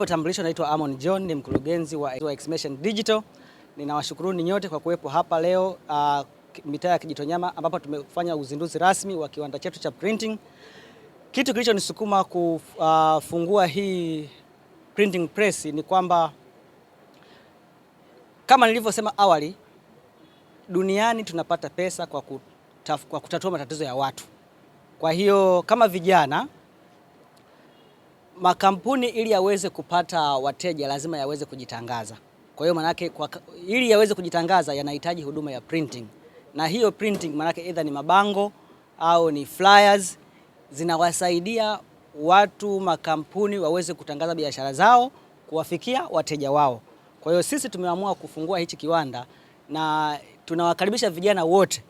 Utambulisho, naitwa Amon John, ni mkurugenzi wa Xmation Digital. ni nyote kwa kuwepo hapa leo uh, mitaa ya Kijitonyama ambapo tumefanya uzinduzi rasmi wa kiwanda chetu cha printing. Kitu kilichonisukuma kufungua uh, hii printing press ni kwamba kama nilivyosema awali, duniani tunapata pesa kwa, kutaf, kwa kutatua matatizo ya watu. Kwa hiyo kama vijana makampuni ili yaweze kupata wateja lazima yaweze kujitangaza. Kwa hiyo manake kwa, ili yaweze kujitangaza yanahitaji huduma ya printing, na hiyo printing manake either ni mabango au ni flyers zinawasaidia watu makampuni waweze kutangaza biashara zao kuwafikia wateja wao. Kwa hiyo sisi tumeamua kufungua hichi kiwanda na tunawakaribisha vijana wote.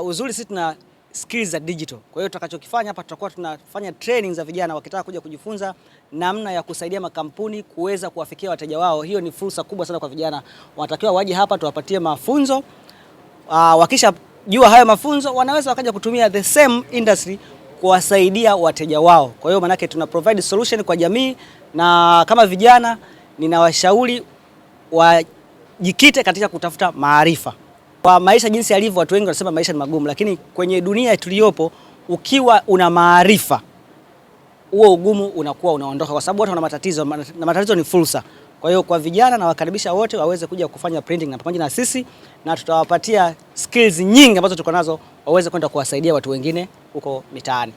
Uh, uzuri sisi tuna skills za digital. Kwa hiyo tutakachokifanya hapa tutakuwa tunafanya training za vijana wakitaka kuja kujifunza namna ya kusaidia makampuni kuweza kuwafikia wateja wao. Hiyo ni fursa kubwa sana kwa vijana, wanatakiwa waje hapa tuwapatie mafunzo Uh, ah, wakisha jua hayo mafunzo wanaweza wakaja kutumia the same industry kuwasaidia wateja wao. Kwa hiyo maanake tuna provide solution kwa jamii, na kama vijana ninawashauri wajikite katika kutafuta maarifa. Kwa maisha jinsi yalivyo, watu wengi wanasema maisha ni magumu, lakini kwenye dunia tuliyopo, ukiwa una maarifa, huo ugumu unakuwa unaondoka, kwa sababu watu wana matatizo na matatizo ni fursa. Kwa hiyo kwa vijana na wakaribisha wote waweze kuja kufanya printing na pamoja na sisi, na tutawapatia skills nyingi ambazo tuko nazo waweze kwenda kuwasaidia watu wengine huko mitaani.